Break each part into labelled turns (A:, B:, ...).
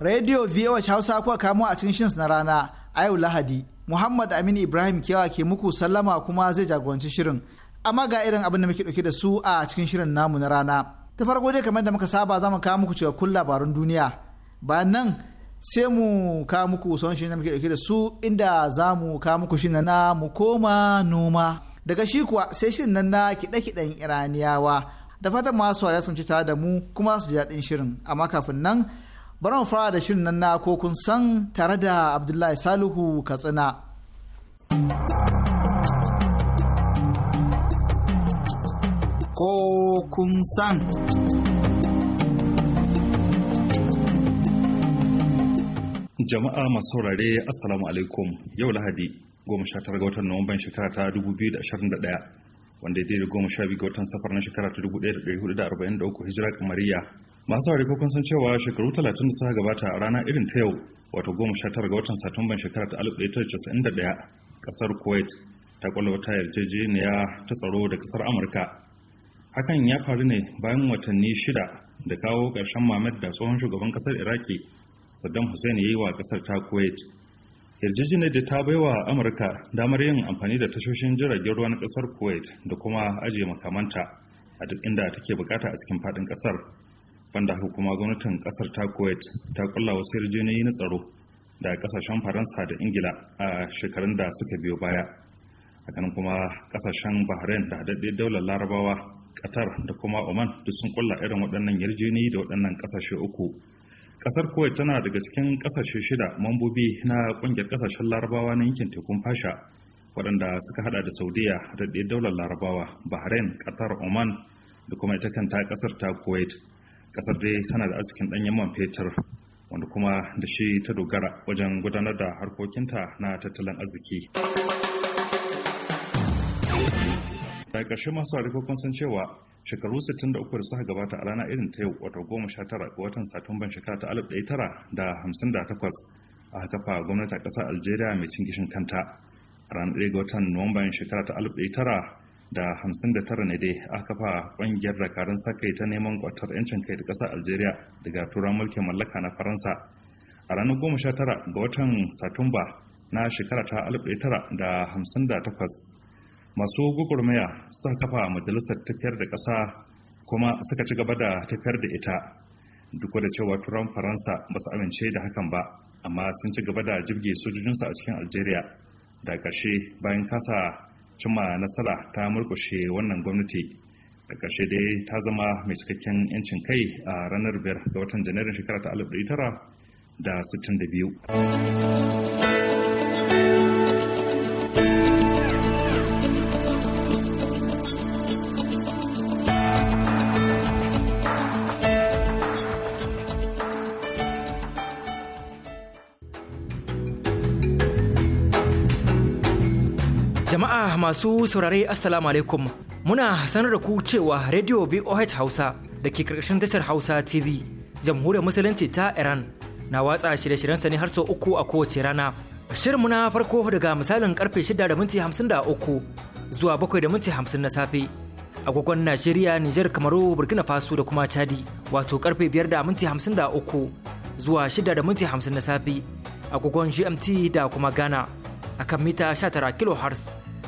A: Radio VOH Hausa kuwa kamo a cikin shins na rana a yau Lahadi. Muhammad Aminu Ibrahim kewa ke muku sallama kuma zai jagoranci shirin. Amma ga irin abin da muke dauke da su a cikin shirin namu na rana. Ta farko dai kamar da muka saba za mu kawo muku cikakkun labarun duniya. Bayan nan sai mu kawo muku son shirin da muke dauke da su inda za mu kawo muku shirin na mu koma noma. Daga shi kuwa sai shirin nan na kiɗe-kiɗen Iraniyawa. Da fatan masu sun ci tare da mu kuma su ji daɗin shirin. Amma kafin nan bari mu fara da shirin nan na ko kun san tare da abdullahi salihu katsina ko kun san
B: jama'a masu saurare assalamu alaikum yau lahadi goma sha tara ga watan nuwamban shekara ta 2021 wanda ya daidai goma sha biyu ga watan safar na shekara ta dubu ɗaya da ɗari hudu da arba'in da uku hijira kamariya masu sauri ko kun san cewa shekaru talatin da suka gabata a rana irin ta yau wato goma sha tara ga watan satumban shekara ta alif ɗaya ta casa'in da ɗaya ƙasar kuwait ta ƙwallo wata yarjejeniya ta tsaro da ƙasar amurka hakan ya faru ne bayan watanni shida da kawo ƙarshen mamad da tsohon shugaban ƙasar iraki saddam hussein ya yi wa ƙasar ta kuwait yarjejeniyar da ta baiwa amurka damar yin amfani da tashoshin jiragen ruwa na kasar kuwait da kuma ajiye makamanta a duk inda take bukata a cikin fadin kasar banda haka kuma gwamnatin kasar ta kuwait ta kulla wasu yarjejeniyoyi na tsaro da kasashen faransa da ingila a shekarun da suka biyo baya hakanan kuma kasashen bahrain da haɗaɗɗe daular larabawa qatar da kuma oman duk sun kulla irin waɗannan yarjejeniyoyi da waɗannan kasashe uku kasar kuwait tana daga cikin kasashe shida mambobi na kungiyar kasashen larabawa na yankin tekun fasha waɗanda suka hada da saudiya da ɗaya daular larabawa bahrain qatar oman da kuma ita kanta kasar ta kuwait kasar dai tana da arzikin ɗanyen man fetur wanda kuma da shi ta dogara wajen gudanar da harkokinta na tattalin arziki. daga ƙarshe masu hariko kun san cewa shekaru 63 da suka gabata a rana irin ta yau sha 19 ga watan satumban shekara ta 1958 a kafa gwamnatin ƙasar algeria mai cin gishin kanta a ranar ɗaya ga watan nuwamban shekara ta 1959 ne dai aka kafa ƙungiyar dakarun sa kai ta neman kwatar 'yancin kai da ƙasar algeria daga turan mulkin mallaka na faransa a ranar 19 ga watan satumba na shekara ta 1958 masu gugurmaya suka kafa majalisar tafiyar da ƙasa kuma suka ci gaba da tafiyar da ita duk da cewa turan faransa ba su amince da hakan ba amma sun ci gaba da jibge sojojinsu a cikin algeria da ƙarshe bayan kasa cimma nasara ta murkushe wannan gwamnati da ƙarshe dai ta zama mai cikakken 'yancin kai a ranar biyar ga watan janairun shekara ta 1962
C: masu saurare assalamu alaikum muna sanar da ku cewa radio voh hausa da ke karkashin tashar hausa tv jamhuriyar musulunci ta iran na watsa shirye-shiryensa ne har sau uku a kowace rana shirin muna farko daga misalin karfe shida zuwa bakwai na safe agogon najeriya nijar kamaru burkina faso da kuma chadi wato karfe biyar da minti zuwa shida na safe agogon gmt da kuma ghana akan mita 19 kilohertz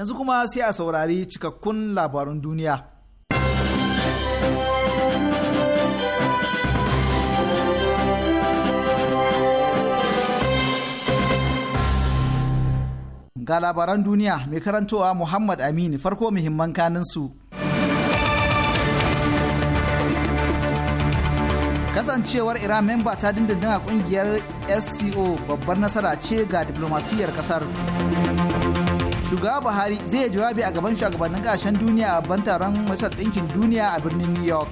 A: yanzu kuma sai a saurari cikakkun labarun duniya. Ga labaran duniya mai karantowa Muhammad Amin farko muhimman kaninsu. Kasancewar Iran memba ta dindindin a kungiyar SCO babbar nasara ce ga diplomasiyar kasar. shugaba buhari zai jawabi a gaban shugabannin kasashen duniya a babban taron masar ɗinkin duniya a birnin new york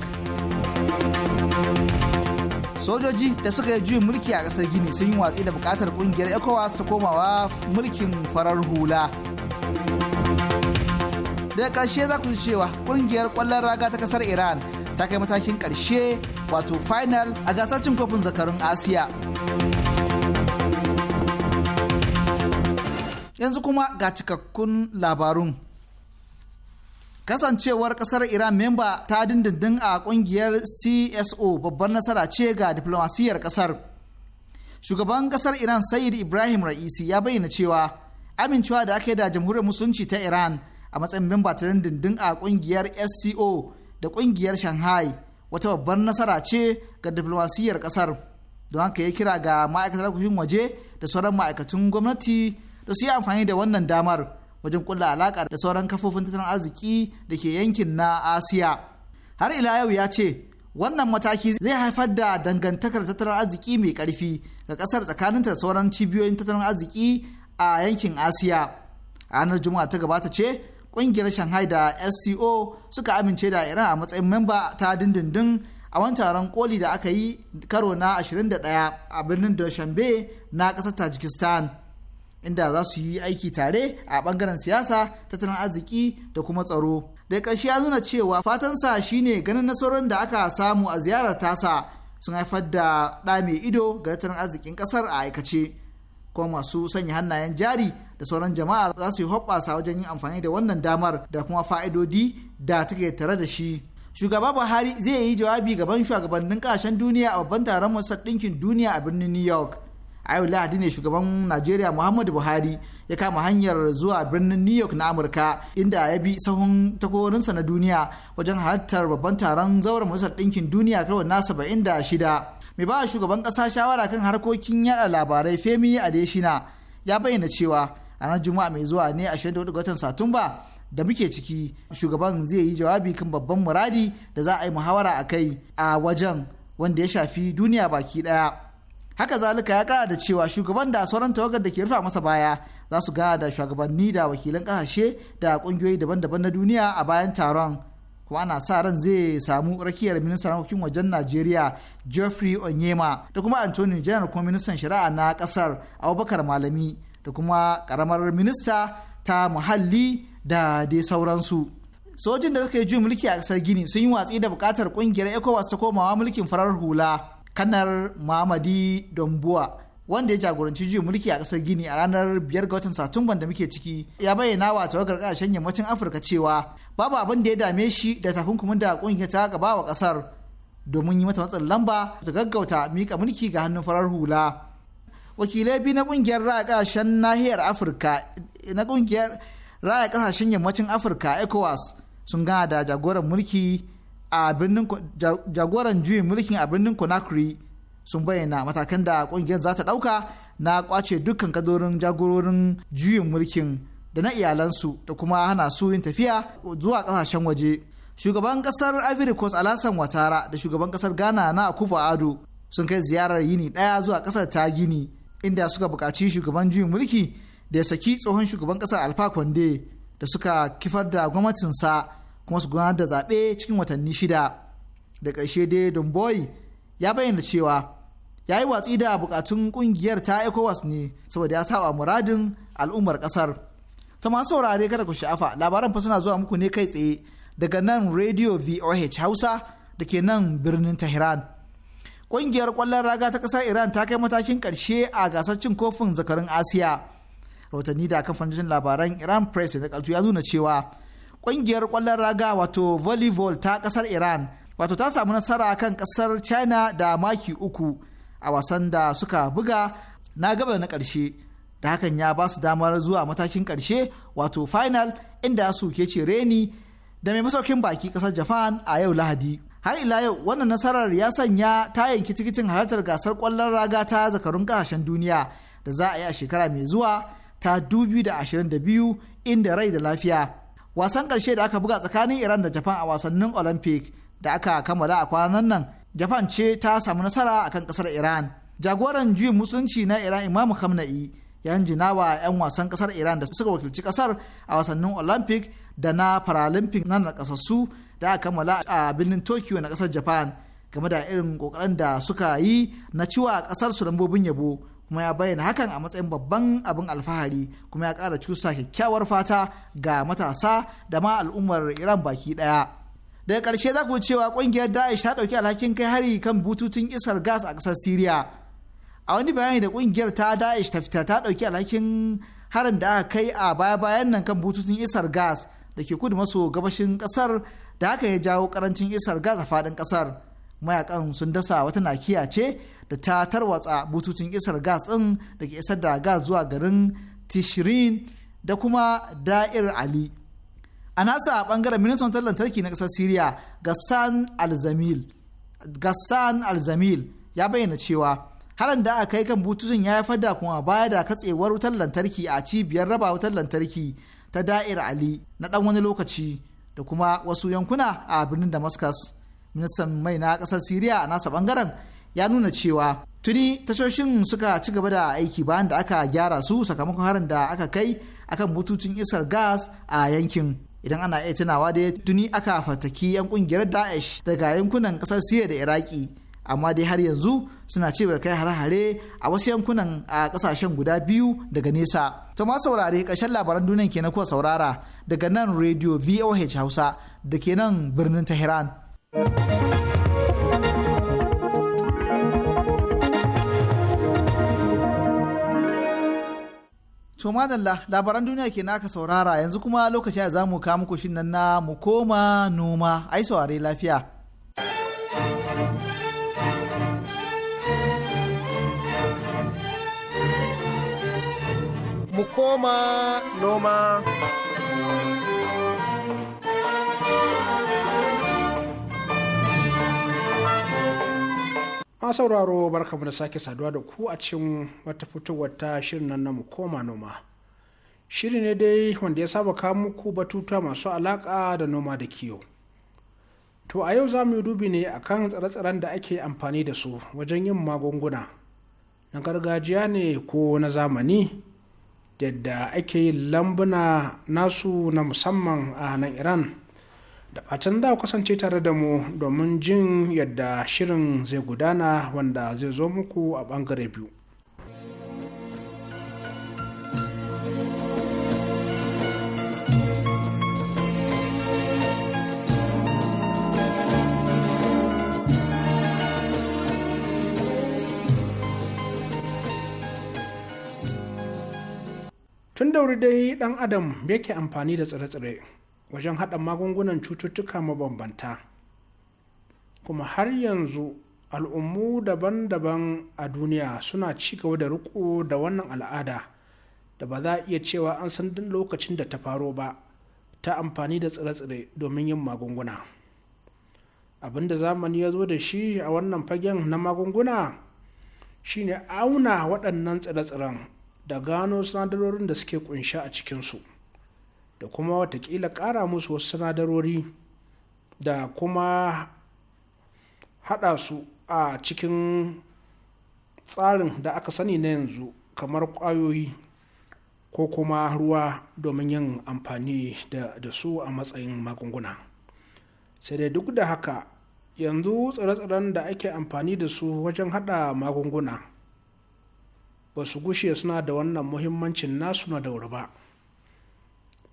A: sojoji da suka yi juyin mulki a ƙasar gini sun yi watsi da buƙatar ƙungiyar ecowas ta komawa mulkin farar hula daga ƙarshe za ku ji cewa ƙungiyar ƙwallon raga ta ƙasar iran ta kai matakin ƙarshe wato final a gasar cin kofin zakarun asiya yanzu kuma ga cikakkun labarun kasancewar kasar iran memba ta dindindin a kungiyar cso babbar nasara ce ga diplomasiyar kasar shugaban kasar iran sayid ibrahim ra'isi ya bayyana cewa amincewa da aka yi da jamhuriyar musulunci ta iran a matsayin memba ta dindindin a kungiyar sco da kungiyar shanghai wata babbar nasara ce ga diplomasiyar kasar don haka ya kira ga ma'aikatar waje da sauran ma'aikatun gwamnati da su yi amfani da wannan damar wajen kulla alaƙa da sauran kafofin tattalin arziki da ke yankin na asiya har ila yau ya ce wannan mataki zai haifar da dangantakar tattalin arziki mai ƙarfi ga ƙasar tsakaninta da sauran cibiyoyin tattalin arziki a yankin asiya a ranar juma'a ta gabata ce ƙungiyar shanghai da sco suka amince da iran a matsayin memba ta dindindin a wani taron koli da aka yi karo na 21 a birnin dushanbe na ƙasar tajikistan inda za su yi aiki tare a bangaren siyasa tattalin arziki da kuma tsaro da ƙarshe ya nuna cewa fatansa shine ganin nasarorin da aka samu a ziyarar tasa sun haifar da ɗa mai ido ga tattalin arzikin ƙasar a aikace kuma masu sanya hannayen jari da sauran jama'a za su yi hoɓɓasa wajen yin amfani da wannan damar da kuma fa'idodi da take tare da shi shugaba buhari zai yi jawabi gaban shugabannin ƙasashen duniya a babban taron masar ɗinkin duniya a birnin new york a yau lahadi ne shugaban najeriya muhammadu buhari ya kama hanyar zuwa birnin new york na amurka inda ya bi sahun takorinsa na duniya wajen halartar babban taron zauren majalisar ɗinkin duniya karo na saba'in da shida mai ba shugaban ƙasa shawara kan harkokin yada labarai femi adeshina ya bayyana cewa a ranar juma'a mai zuwa ne a watan satumba da muke ciki shugaban zai yi jawabi kan babban muradi da za a yi muhawara a kai a wajen wanda ya shafi duniya baki daya haka zalika ya kara da cewa shugaban da sauran tawagar da ke rufa masa baya za su gada da shugabanni da wakilan kasashe da kungiyoyi daban-daban na duniya a bayan taron kuma ana sa ran zai samu rakiyar ministan harkokin wajen najeriya geoffrey onyema da kuma anthony janar kuma ministan shari'a na kasar abubakar malami da kuma karamar minista ta muhalli da dai sauransu sojin da suka yi juyin mulki a kasar gini sun yi watsi da bukatar kungiyar ecowas ta komawa mulkin farar hula kanar Muhammadu Dombuwa wanda ya jagoranci juyin mulki a kasar Gini a ranar biyar ga watan Satumban da muke ciki ya bayyana wa tawagar kasashen yammacin Afirka cewa babu abin da ya dame shi da takunkumin da kungiyar ta gaba wa kasar domin yi mata matsin lamba ta gaggauta mika mulki ga hannun farar hula. Wakilai biyu na kungiyar raya kasashen nahiyar Afirka na kungiyar raya kasashen yammacin Afirka ECOWAS sun gana da jagoran mulki a birnin jagoran juyin mulkin a birnin Conakry sun bayyana matakan da kungiyar za ta dauka na kwace dukkan kadorin jagororin juyin mulkin da na iyalansu da kuma hana su yin tafiya zuwa kasashen waje. Shugaban kasar Ivory Coast alasan watara da shugaban kasar Ghana na akufa Ado sun kai ziyarar yini daya zuwa kasar ta Gini inda suka bukaci shugaban juyin mulki da ya saki tsohon shugaban kasar alfa da suka kifar da gwamnatinsa kuma su gudanar da zaɓe cikin watanni shida da ƙarshe dai boy ya bayyana cewa ya yi watsi da bukatun ƙungiyar ta ecowas ne saboda ya saba muradin al'ummar ƙasar ta masu saurare kada ku sha'afa labaran fa suna zuwa muku ne kai tsaye daga nan radio voh hausa da ke nan birnin tehran ƙungiyar ƙwallon raga ta ƙasar iran ta kai matakin ƙarshe a gasar cin kofin zakarun asiya rahotanni da kamfanin labaran iran press da kaltu ya nuna cewa ƙungiyar kwallon raga wato volleyball ta ƙasar iran wato ta samu nasara kan ƙasar china da maki uku a wasan da suka buga na gaba na ƙarshe da hakan ya ba su damar zuwa matakin ƙarshe wato final inda su ke ce reni da mai masaukin baki ƙasar japan a yau lahadi har ila yau wannan nasarar ya sanya ta yanki tikitin halartar gasar kwallon raga ta zakarun kasashen duniya da za a yi a shekara mai zuwa ta 2022 inda rai da lafiya wasan ƙarshe da aka buga tsakanin iran da japan a wasannin olympic da aka kammala a kwanan nan japan ce ta samu nasara akan ƙasar iran jagoran juyin musulunci na iran imamu hamna'i yan jinawa 'yan wasan ƙasar iran da suka wakilci ƙasar a wasannin olympic da na paralympic na nakasassu da aka kammala a birnin tokyo na kasar japan game da irin kokarin da suka yi na ciwa ƙasar su lambobin yabo kuma ya bayyana hakan a matsayin babban abin alfahari kuma ya kara cusa kyakkyawar fata ga matasa da ma al'ummar iran baki daya. daga ƙarshe za ku cewa ƙungiyar da'ish ta ɗauki alhakin kai hari kan bututun isar gas a kasar siriya a wani bayani da kungiyar ta da'ish ta fita ta ɗauki alhakin harin da aka kai a baya-bayan nan kan bututun isar gas da ke kudu maso gabashin ƙasar da haka ya jawo karancin isar gas a faɗin ƙasar mayakan sun dasa wata nakiya ce da ta tarwatsa bututun isar gas ɗin da ke isar da gas zuwa garin tishirin da kuma da'ir ali a nasa bangaren ministan wutar lantarki na kasar siriya gassan alzamil ya bayyana cewa harin da aka kai kan bututun ya haifar da kuma baya da katsewar wutar lantarki a cibiyar raba wutar lantarki ta da'ir ali na ɗan wani lokaci da kuma wasu yankuna a birnin damascus ministan mai na kasar siriya a nasa bangaren ya nuna cewa tuni tashoshin suka ci gaba da aiki bayan da aka gyara su sakamakon harin da aka kai akan bututun isar gas a yankin idan ana iya tunawa da tuni aka fataki 'yan kungiyar daesh daga yankunan kasar siriya da iraki amma dai har yanzu suna cewa kai hare-hare a wasu yankunan a kasashen guda biyu daga nesa. To ma saurare karshen labaran duniyan kenan kuwa saurara daga nan Radio VOH Hausa da ke nan birnin Tehran. To madalla labaran duniya ke naka saurara yanzu kuma lokacin da za mu kawo muku shin nan na mu koma noma ai saurare lafiya.
D: Mu koma noma. a sauraro mu da sake saduwa da ku a cikin wata fitowar ta shirin nan na koma noma shiri ne dai wanda ya saba kawo muku batuta masu alaka da noma da kiwo to a yau za mu yi dubi ne akan tsare-tsaren da ake amfani da su wajen yin magunguna na gargajiya ne ko na zamani yadda ake yin lambuna nasu na musamman a nan iran da fatan za kusance kasance tare da mu domin jin yadda shirin zai gudana wanda zai zo muku a bangare biyu tun da wuri dai dan adam yake amfani da tsire-tsire wajen haɗa magungunan cututtuka mabambanta kuma har yanzu al'ummu daban-daban a duniya suna ci gaba da riko da wannan al'ada da ba za a iya cewa an san duk lokacin da ta faro ba ta amfani da tsire-tsire domin yin magunguna abin da zamani ya zo da shi a wannan fagen na magunguna shine auna waɗannan tsire-tsiren da gano sinadarorin da suke kunshe a cikinsu. da kuma watakila ƙara musu wasu sinadarori da kuma haɗa su a cikin tsarin da aka sani na yanzu kamar ƙwayoyi ko kuma ruwa domin yin amfani da su a matsayin magunguna sai dai duk da haka yanzu tsare-tsaren da ake amfani da su wajen haɗa magunguna ba su gushe suna da wannan muhimmancin nasu na dauri ba.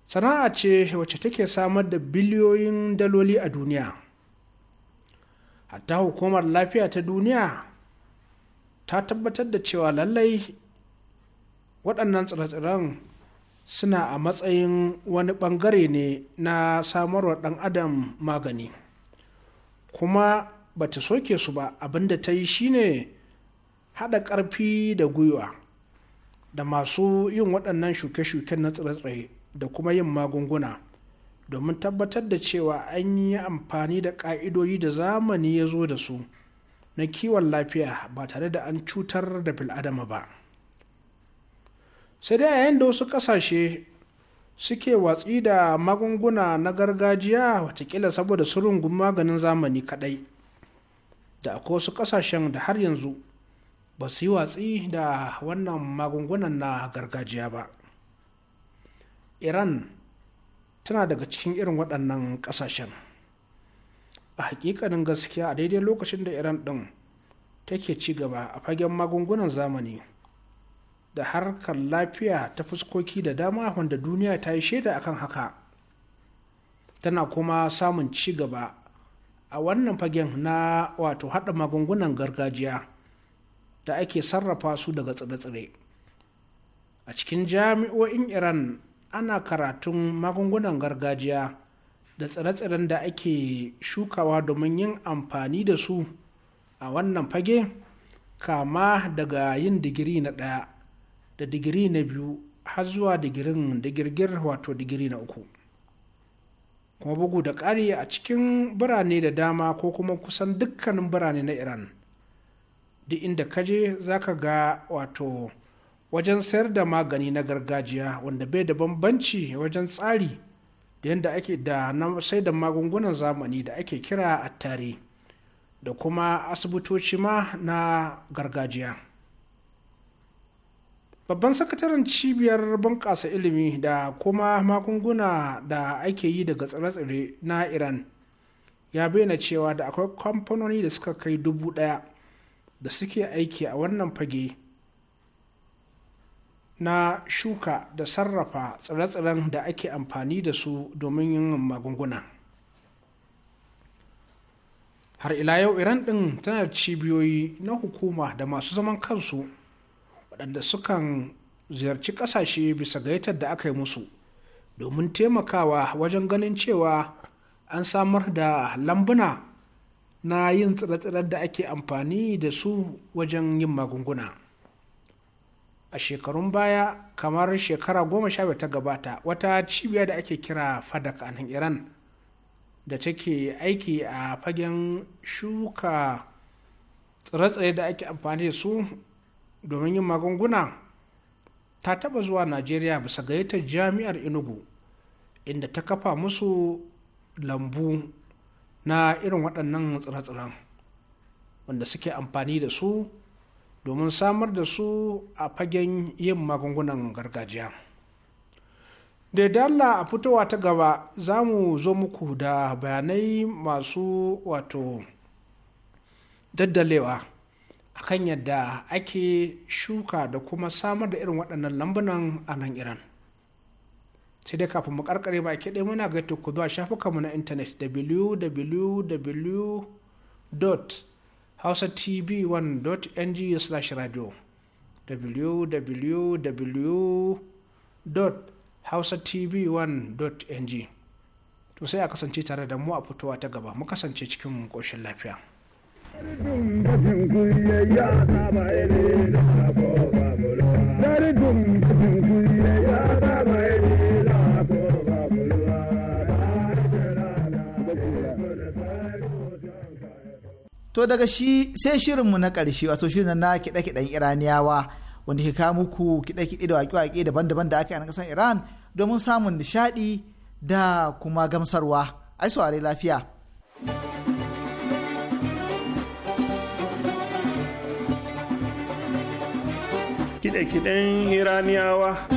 D: sana'a ce wacce take samar da biliyoyin daloli a duniya hatta hukumar lafiya ta duniya ta tabbatar da cewa lallai waɗannan tsire-tsiren suna a matsayin wani ɓangare ne na samarwa ɗan adam magani kuma ba ta soke su ba abinda ta yi shine haɗa ƙarfi da gwiwa da masu yin waɗannan shuke-shuken na tsire da kuma yin magunguna domin tabbatar da cewa an yi amfani da ƙa'idodi da zamani ya zo da su na kiwon lafiya ba tare da an cutar da filadama ba sai dai a yayin da wasu ƙasashe suke watsi da magunguna na gargajiya watakila saboda su rungun maganin zamani kaɗai da akwai wasu ƙasashen da har yanzu ba su yi watsi da wannan magungunan na gargajiya ba iran tana daga cikin irin waɗannan ƙasashen a hakikanin gaskiya a daidai lokacin da iran ɗin take ci gaba a fagen magungunan zamani da harkar lafiya ta fuskoki da dama wanda duniya ta yi shaida akan haka tana kuma samun ci gaba a wannan fagen na wato haɗa magungunan gargajiya da ake sarrafa su daga tsire-tsire a cikin jami'o'in iran ana karatun magungunan gargajiya da tsire-tsiren da ake shukawa domin yin amfani da su a wannan fage kama daga yin digiri na ɗaya da digiri na biyu har zuwa digirin digirgir wato digiri na uku kuma bugu da ƙari a cikin birane da dama ko kuma kusan dukkanin birane na iran duk inda kaje za ka ga wato wajen sayar da magani na gargajiya wanda bai da bambanci wajen tsari da yadda ake da na sai da magungunan zamani da ake kira a tare da kuma asibitoci ma na gargajiya babban sakataren cibiyar bunƙasa ilimi da kuma magunguna da ake yi daga tsare-tsare na iran ya bayyana cewa da akwai kamfanoni da suka kai dubu ɗaya da suke aiki a wannan fage na shuka da sarrafa tsire-tsiren da ake amfani da su domin yin magunguna har ila yau iran ɗin tana da cibiyoyi na hukuma da masu zaman kansu waɗanda sukan ziyarci ƙasashe bisa gaitar da aka yi musu domin taimakawa wajen ganin cewa an samar da lambuna na yin tsire-tsiren da ake amfani da su wajen yin magunguna. a shekarun baya kamar shekara goma sha ta gabata wata cibiya da ake kira fadak a nan iran da take aiki a fagen shuka tsire-tsire da ake amfani da su domin yin magunguna ta taba zuwa najeriya bisa gayyatar jami'ar inugu inda ta kafa musu lambu na irin waɗannan tsire-tsiren wanda suke amfani da su domin samar da su a fagen yin magungunan gargajiya da dalla a fitowa ta gaba za mu zo muku da bayanai masu wato daddalewa a kan yadda ake shuka da kuma samar da irin waɗannan lambunan a nan iran sai dai kafin mu karkare ba ke muna ga ku zuwa shafukanmu na intanet www hausatv1.ng slash radio www.hausatv1.ng to sai a kasance tare da mu a fitowa ta gaba mu kasance cikin koshin lafiya.
E: Dari
A: to daga shi sai shirinmu na ƙarshe wato shirin na kiɗe-kiɗen iraniyawa wanda ke kawo muku kiɗe-kiɗe da waƙe-waƙe daban-daban da aka yi a ƙasar iran domin samun nishaɗi da kuma gamsarwa ai saurari lafiya
B: kiɗe-kiɗen
A: iraniyawa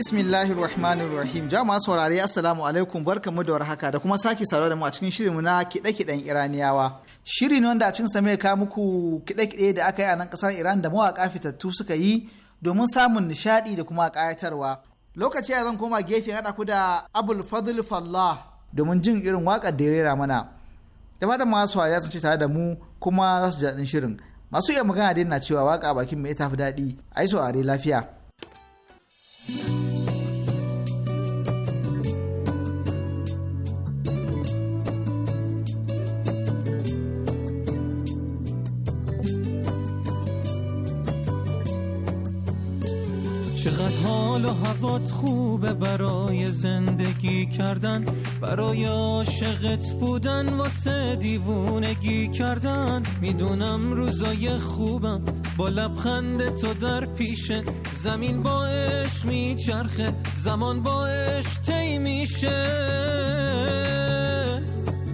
A: Bismillahir Rahmanir Rahim. Jama'a saurare Assalamu alaikum barkamu da warhaka da kuma sake saurare da mu a cikin shirinmu na kiɗe-kiɗen Iraniyawa. Shiri ne wanda a cikin same ka muku kiɗe-kiɗe da aka yi a nan kasar Iran da mawaƙa fitattu suka yi domin samun nishaɗi da kuma kayatarwa. Lokaci ya zan koma gefe haɗa ku da Abul Fadl Fallah domin jin irin waƙar da ya rera mana. Da fatan masu saurari sun ce tare da mu kuma za su shirin. Masu iya magana dai na cewa waƙa bakin mai tafi daɗi. yi saurari lafiya. thank you
F: چقدر حال و هوات خوبه برای زندگی کردن برای عاشقت بودن واسه دیوونگی کردن میدونم روزای خوبم با لبخند تو در پیشه زمین با عشق میچرخه زمان با عشق میشه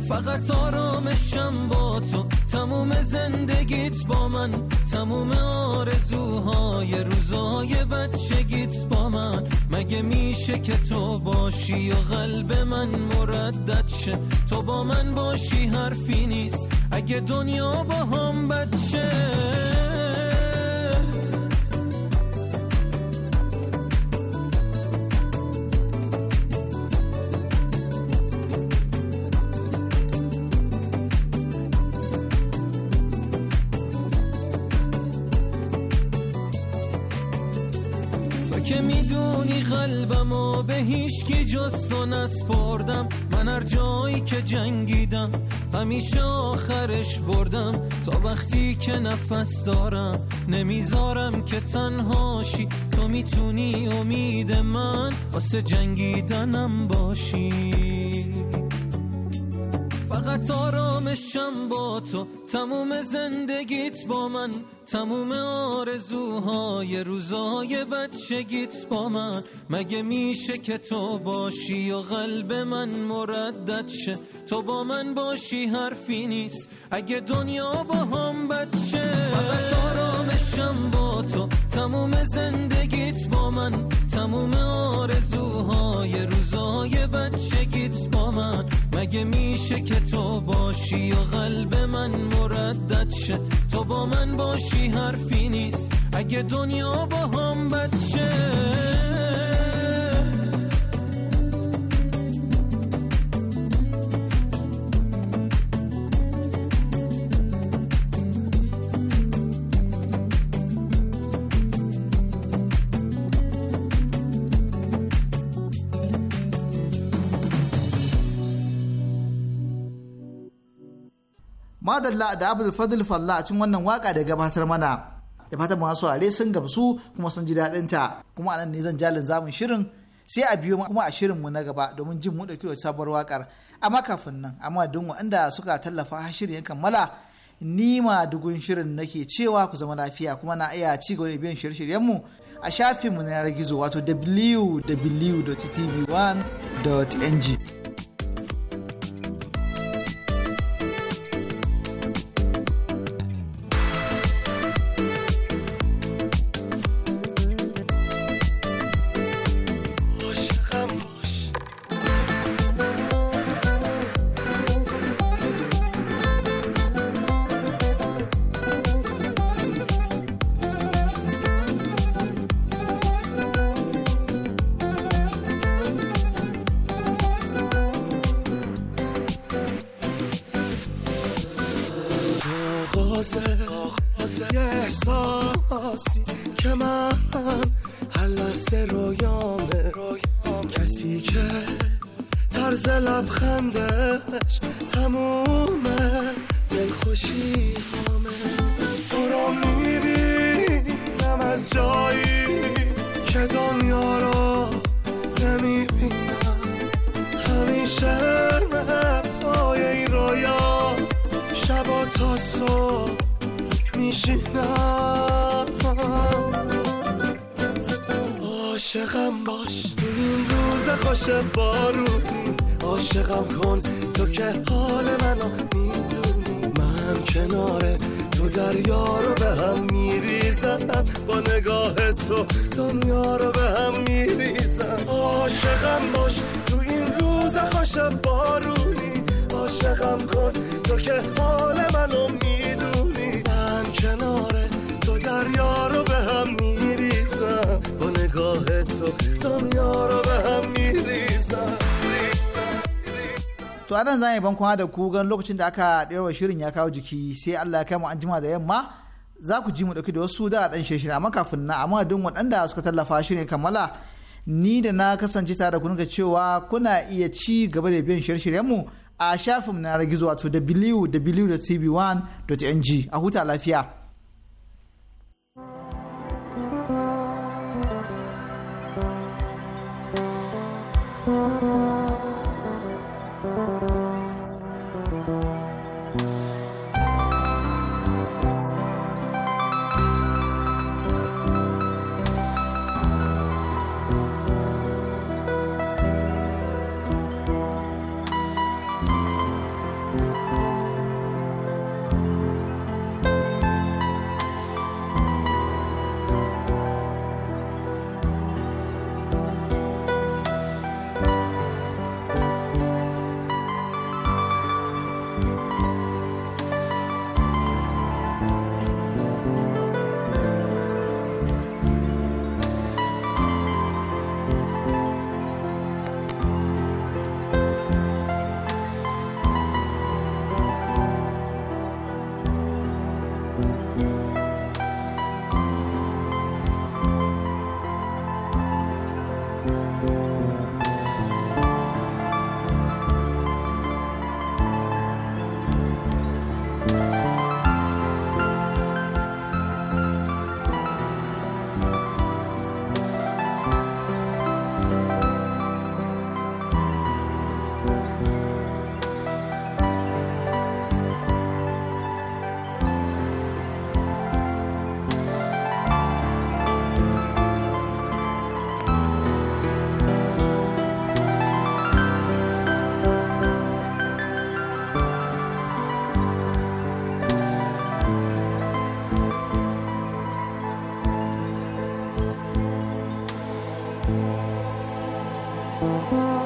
F: فقط آرامشم با تو تموم زندگیت با من تموم آرزوهای روزای بچگیت با من مگه میشه که تو باشی و قلب من مردد شه تو با من باشی حرفی نیست اگه دنیا با هم بچه جز تو نسپردم من هر جایی که جنگیدم همیشه آخرش بردم تا وقتی که نفس دارم نمیذارم که تنهاشی تو میتونی امید من واسه جنگیدنم باشی فقط آرامشم با تو تموم زندگیت با من تموم آرزوهای روزای بچگیت با من مگه میشه که تو باشی و قلب من مردد شه تو با من باشی حرفی نیست اگه دنیا با هم بچه فقط آرامشم با تو تموم زندگیت با من تموم آرزوهای روزای بچگیت با من مگه میشه که تو باشی و قلب من مردد شه تو با من باشی حرفی نیست اگه دنیا با هم بد شه
A: madalla da abdul fadl falla a cikin wannan waka da gabatar mana da fatan masu are sun gamsu kuma sun ji daɗin ta kuma anan ne zan jalin zamun shirin sai a biyo kuma a shirin mu na gaba domin jin mu dauki wata sabuwar wakar amma kafin nan amma don waɗanda suka tallafa har shirin ya kammala ni ma dugun shirin nake cewa ku zama lafiya kuma na iya ci gaba da biyan shirye-shiryen mu a shafinmu na yanar gizo wato www.tv1.ng
E: عاشقم باش تو این روز خوش بارونی عاشقم کن تو که حال منو میدونی من کنار تو دریا رو به هم میریزم با نگاه تو دنیا رو به هم میریزم عاشقم باش تو این روز خوش بارونی عاشقم کن تو که حال منو میدونی من کنار تو دریا رو و دنیا رو به هم میریزم
A: to a nan zan yi bankon da ku gan lokacin da aka ɗirwa shirin ya kawo jiki sai Allah ya kama an jima da yamma za ku ji mu ɗauki da wasu da ɗan shirin amma kafin na amma duk waɗanda suka tallafa shirin kammala ni da na kasance tare da kunka cewa kuna iya ci gaba da biyan shirye mu a shafin na gizo wato www.tv1.ng a huta lafiya.
G: Oh.